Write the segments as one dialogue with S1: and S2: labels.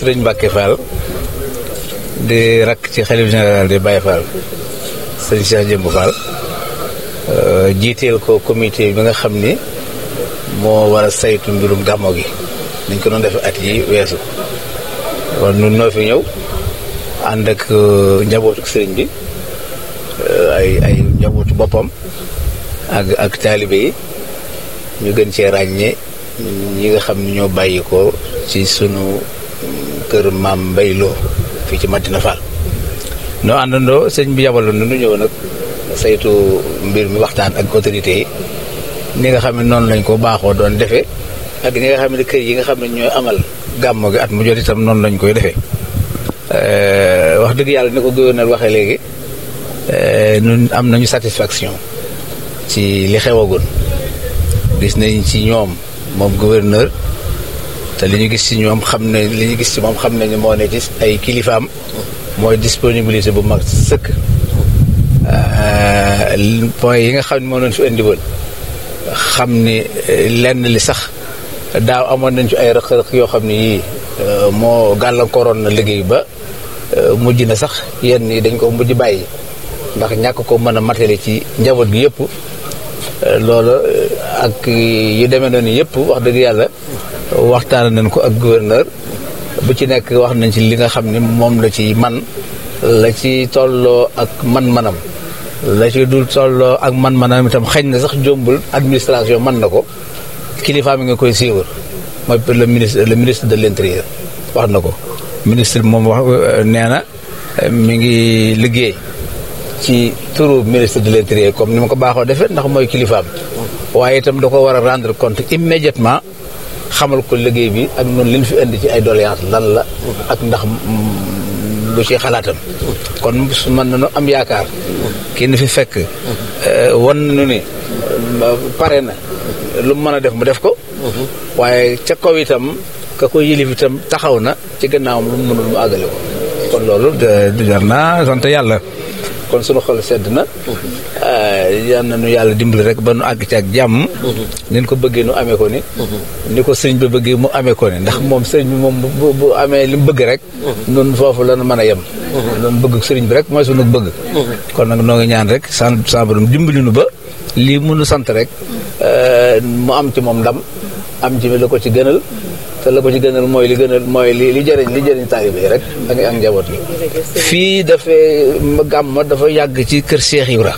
S1: Sëriñ Mbàkke Fall di rakk ci xalif général di Baye Fall sëriñ Cheikh Jëmb Fall euh, jiiteel ko comité bi nga xam ni moo war saytu mbirum gàmmo gi dañ ko doon defee at yi weesu kon ñun noo ñëw ànd ak euh, njabootu sëriñ bi euh, ay ay boppam ak ak taalibe ñu gën cee ràññee ñi nga xam ni ñoo bàyyi ko ci sunu kër maam mbayloo Lo fii ci Madina Fall noo àndandoo sëñ bi yabaloon nu ñëw nag saytu mbir mi waxtaan ak autorités yi ni nga xam ne noonu lañ ko baaxoo doon defe ak ñi nga xam ne kër yi nga xam ne ñooy amal gàmmo gi at mu jot itam noonu lañ koy defee eh, wax dëgg yàlla ni ko gouverneur waxee léegi eh, ñun am nañu satisfaction ci li xewagoon gis nañ ci ñoom moom gouverneur te li ñu gis si ñoom xam ne li ñu gis si moom xam nañu moo ne ci ay kilifaam mooy disponibilité bu mag sëkk euh, point yi nga xam ne moo doon fi indiwoon xam ni euh, lenn li sax daaw amoon nañ ci ay rëq-rëq yoo xam ni yii euh, moo gàllankooroon na liggéey ba mujj na sax yenn yi dañ ko mujj bàyyi ndax ñàkk ko mën a matale ci njaboot gi yëpp loolu ak yu demee noonu yëpp wax dëgg yàlla waxtaan nañ ko ak gouverneur bu ci nekk wax nañ ci li nga xam ne moom la ci man la ci tolloo ak man-manam la ci dul tolloo ak man-manam itam xëy na sax jombul administration man na ko kilifa mi nga koy siiwal mooy le ministre le ministre de l'intérieur wax na ko ministre moom wax nee na mi ngi liggéey ci turu ministre de l'intérieur comme ni ma ko baaxoo defee ndax mooy kilifaam waaye itam da ko war a rendre compte immédiatement xamal ko liggéey bi ak noonu liñ fi indi ci ay doléance lan la ak ndax lu ci xalaatam kon mën nañu am yaakaar kii fi fekk eh, wan nu ni eh, pare na lu mu mën a def mu def ko waaye ca kaw itam ka ko yilif itam taxaw na ci gannaawam lu mu mënul mu àggale ko kon loolu de jar naa sant yàlla kon sunu xol sedd na yal na nu yàlla dimbali rek ba nu àgg ci ak jàmm nin ko bëggee nu amee ko ni ni ko sëñ bi bëggee mu amee ko ni ndax moom sëriñ bi moom bu amee li mu bëgg rek nun la mën a yem bëgg sëriñ bi rek mooy sunu bëgg kon nag noo ñaan rek san san borom dimbali ba lii mënu sant rek eh, mu am ci moom ndam am ci la ko ci gënal te la ko ci gënal mooy li gënal mooy li li jëriñ li jëriñ taalibe yi rek ak ak njaboot yi fii dafay gàmma dafa yàgg ci kër Cheikh ra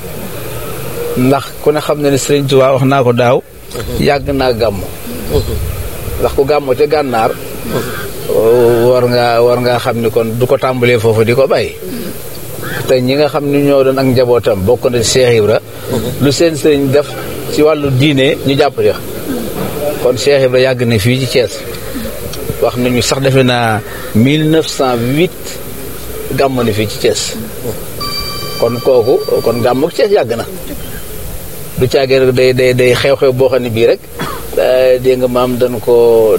S1: ndax ku ne xam na ne Sëriñ Tuubaa wax naa ko daaw yàgg naa gàmmu ndax ku gàmmu ca gànnaar war war ngaa xam ni kon du ko tàmbalee foofu di ko bàyyi te ñi nga xam ni ñoo doon ak njabootam bokk na Cheikh ra lu seen sëriñ def ci wàllu diine ñu jàpp ya kon cheikh ibra yag ne fi ci Thiès wax nañu sax defena 1908 gam na fi ci kon koku kon gam ak Thiès yag na du caagee day day day xew-xew bo xani bi rek eh, de nga dan ko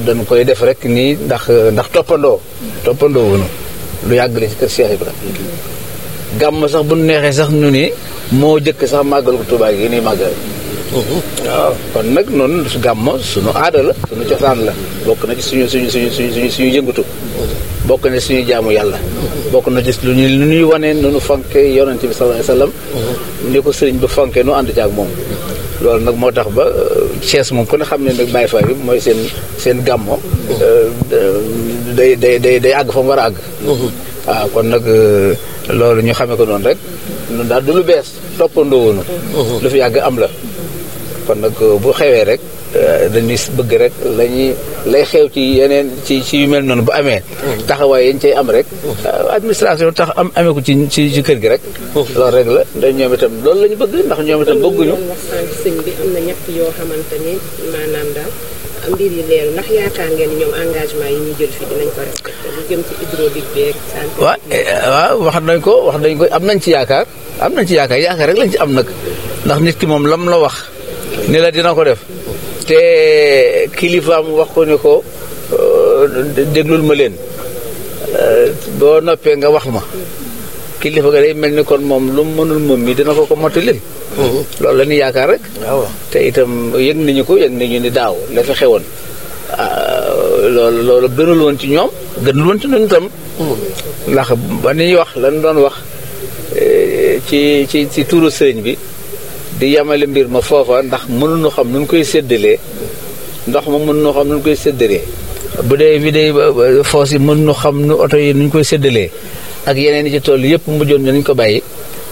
S1: dan koy def rek ni ndax ndax topando topando wunu lu yag li ci cheikh ibra gam sax bu neexee sax ñu ni mo sax magal ko tuba gi ni magal waaw kon nag noonu su gàmmo suñu aada la suñu cosaan la bokk na ci suñu suñu suñu su suñu yëngatu bokk na suñu jaamu yàlla bokk na ci lu ñuy lu ñuy wanee nu nu fonke yonente bi sallallahu alayhi ni ko sëriñ bu fonke nu ànd ci ak moom loolu nag moo tax ba Thiès euh, moom ku ne xam ne nag Baye Fall bi mooy seen seen gàmmo euh, day day day day àgg fa mu war a àgg waaw kon nag euh, loolu ñu xamee ko noonu rek ñun daal du lu bees toppandoo woonu lu fi yàgg am la kon nag uh, bu xewee rek uh, dañuy bëgg rek lañuy lay xew ci yeneen ci ci yu mel noonu bu amee. Mm-hmm. taxawaay yañ cay am rek. Mm-hmm. Uh, administration tax am amee ko ci ci ci kër gi rek. Mm-hmm. loolu rek la ndax ñoom itam loolu lañu bëgg ndax ñoom itam bëgguñu. yoo xamante yaakaar ngeen ñoom engagement yi ñu jël fii dinañ ko respecté lu eh, waaw wax nañ ko wax nañ ko am nañ ci yaakaar am nañ ci yaakaar yaakaar rek lañ ci am nag ndax nit ki moom lam la wax. ni la dina ko def te kilifaam wax ko ne ko euh, déglul ma leen euh, boo noppee nga wax ma kilifa ga day mel ni kon moom lu mu mënul moom mii dina ko ko mottalil loolu la ñu yaakaar rek te itam yëg nañu ko yëg nañu ni daaw la fexe woon euh, loolu loolu gënul woon ci ñoom gënul woon ci ñun itam ndax ba ñuy wax lan doon wax ci ci ci tuuru sëriñ bi di yemale mbir ma foofa ndax mënuñu xam nu ñu koy séddalee ndox ma mënuñu xam nu ñu koy séddalee bu dee bi foos yi mënuñu xam nu oto yi nu koy séddalee ak yeneen yi ci toll yëpp mujjoon nañ ko bàyyi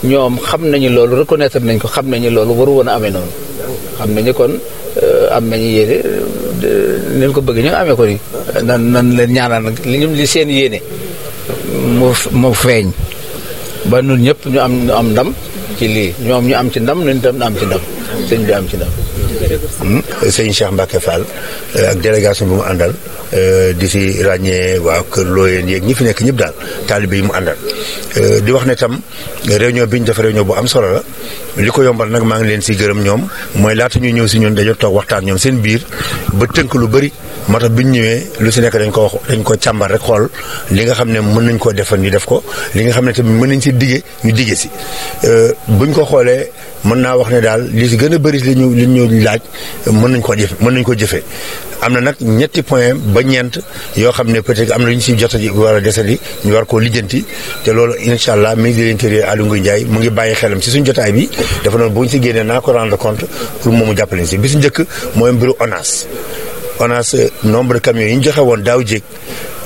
S1: ñoom xam nañu loolu reconnaître nañ ko xam nañu loolu waru woon a amee noonu xam nañu kon euh, am nañu yéene nañ ko bëgg ñu amee ko ni nan leen ñaanal nag li ñu li seen yéene mu mu feeñ ba ñun ñëpp ñu am am ndam ci lii ñoom ñu am ci ndam ñun tam am ci ndam sëñ bi am ci ndam
S2: sëñ Cheikh Mbacke Fall eh, ak délégation bi mu àndal Euh, di si ràññee waa kër looyeen yeeg ñi fi nekk ñëpp daal taalibe yi mu àndal. Euh, di wax ne tam réunion bi ñu def réunion bu am solo la li ko yombal nag maa ngi leen si gërëm ñoom mooy laata ñuy ñëw si ñun dañoo toog waxtaan ñoom seen biir ba tënk lu bari moo tax bi ñu ñëwee lu si nekk dañ ko wax dañ ko càmbar rek xool li nga xam ne mën nañ koo defal ñu def ko li nga xam ne tamit mën nañ si diggee ñu diggee si euh, buñ ko xoolee mën naa wax ne daal li si gën a bëri li li ñu laaj mën nañ ko jëfe mën nañ ko jëfee am na nag ñetti point ba ñeent yoo xam ne peut-être am na lu ñu si jot war a desandi ñu war koo lijjanti te loolu incha allah ministre de l'intérieur Aly Ngouille Ndiaye mu ngi bàyyi xelam si suñ jotaay bi dafa noonu bu ñu si génnee naa ko rendre compte pour moomu jàppale si bi su njëkk mooy mbiru ONAS ONAS nombre de camions yi ñu joxe woon daaw jéeg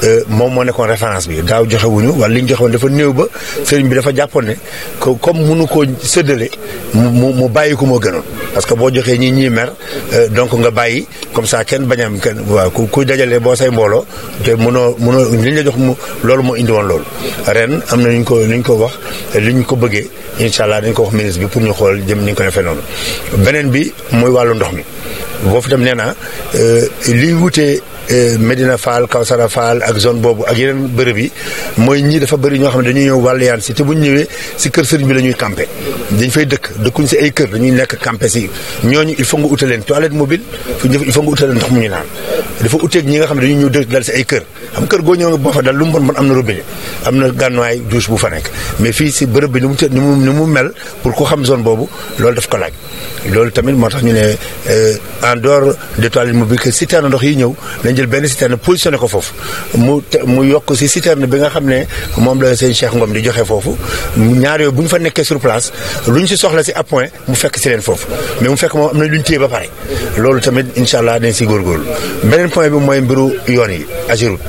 S2: Euh, moom moo nekkoon référence bi daaw joxewuñu wuñu wala li ñu joxe dafa néew ba sëriñ bi dafa jàppoon ne ko comme mënu koo séddale mu mu bàyyi ko moo gënoon parce que boo joxee ñi ñii mer euh, donc nga bàyyi comme saa kenn bañ am kenn waa ku kuy dajalee boo say mbooloo te mënoo mënoo li ñu la jox mu loolu moo indi loolu. ren am na ñu ko ñu ko wax li ñu ko bëggee incha allah dañ ko wax ministre bi pour ñu xool jëm ni ko defee noonu beneen bi muy wàllu ndox mi. foofu dem nee na euh, liy wutee euh, Medina Fall Kawsara Fall ak zone boobu ak yeneen bërëb yi mooy ñii dafa bëri ñoo xam ne dañuy ñëw wàlliyaan si te bu ñu ñëwee si kër sëriñ bi la ñuy campé dañ fay dëkk dëkkuñ si ay kër dañuy nekk campé si ñooñu il faut nga utaleen toilette mobile il faut nga utaleen ndox mu ñu naan dafa uteeg ñi nga xam ne dañuy ñëw dëkk dal si ay kër xam kër goo ñëw nga boo fa dal lu mu bon bon am na robinet am na gànnuwaay douche bu fa nekk mais fii si bërëb bi ni mu ni mu ni mu mel pour ku xam zone boobu loolu daf ko laaj loolu tamit moo tax ñu ne en dehors de toilette mobile que citerne ndox yi ñëw nañ jël benn citerne positionné ko foofu mu mu yokk si citerne bi nga xam ne moom la seen Cheikh Ngom di joxe foofu ñaar yooyu bu ñu fa nekkee sur place lu ñu si soxla si appoint mu fekk si leen foofu mais mu fekk moom am na lu ñu téye ba pare loolu tamit incha allah dañ si góorgóorlu point bi mooy mbiru yoon yi Ageroute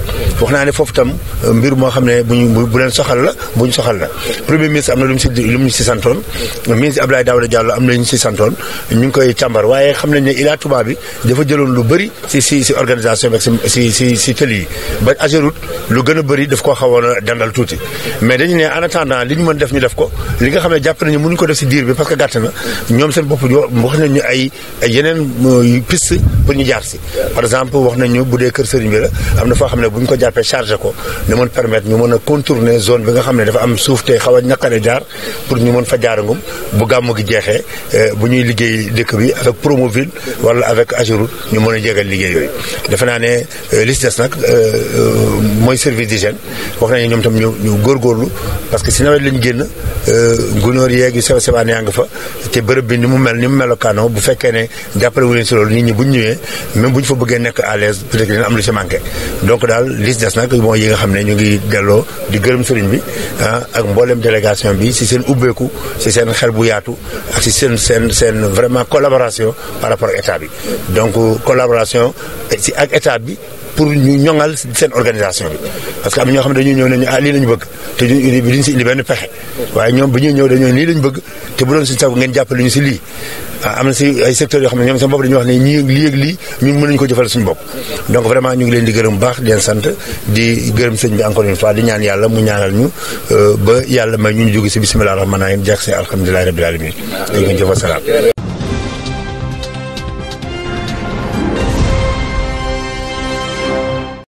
S2: wax foofu tam euh, mbir moo xam ne bu ñu bu leen soxal la bu ñu soxal la premier ministre am na lu mu si lu mu si santoon ministre Abdoulaye Daouda Diallo am na lu ñu si santoon ñu ngi koy càmbar waaye xam nañ ne Ila Touba bi dafa jëloon lu bari si si si organisation bi ak si si si tëli yi ba lu gën a bëri daf koo xawoon a dandal tuuti mais dañu ne en attendant li ñu mën def ñu def ko li nga xam ne jàpp nañu mënuñu ko def si diir bi parce que gàtt na ñoom seen bopp wax nañu ay yeneen euh, piste pour ñu jaar si par exemple wax nañu bu dee kër sëriñ bi la am na foo xam ne bu ñu ko jàppee chargé ko ne mën permettre ñu mën a contourner zone bi nga xam ne dafa am suuf te xaw a ñaqare jaar pour ñu mën fa jaarangum bu gàmm gi jeexee eh, bu ñuy liggéey dëkk bi avec Promoville wala avec Ageroute ñu mën a jégal liggéey yooyu defe naa ne eh, li ci des nag eh, mooy service d'hygiène wax nañu ñoom tam ñu ñu góorgóorlu parce que si nawet lañ génn gunóor yeeg yu sew sewaan yaa fa te bërëb bi ni mu mel ni mu melokaanoo bu fekkee ne jàppale wu leen si loolu nit ñi buñ ñëwee même buñ fa bëggee nekk à l'aise peut-être que am lu ci manqué donc daal lis nag mooy yi nga xam ne ñu ngi delloo di gërëm sëriñ bi ah ak mboolem délégation bi si seen ubbeeku si seen xel bu yaatu ak si seen seen seen vraiment collaboration par rapport ak état bi donc collaboration si ak état bi pour ñu ñoŋal seen organisation bi parce que am ñoo xam ne dañuy ñëw ne ñu ah lii lañu bëgg te duñ si indi benn pexe waaye ñoom bu ñu si lii am na si ay secteurs yoo xam ne ñoom seen bopp dañuy wax ne ñii lii ak ñu mën nañu ko jëfal suñu bopp donc vraiment ñu ngi leen di gërëm baax di leen sant di gërëm sëñ bi encore une fois di ñaan yàlla mu ñaanal ñu euh, ba yàlla may ñu ñu jóge si bisimilah rahmaani rahiim jeex si alhamdulilahi rabil alamin dañ ko jëfal salaam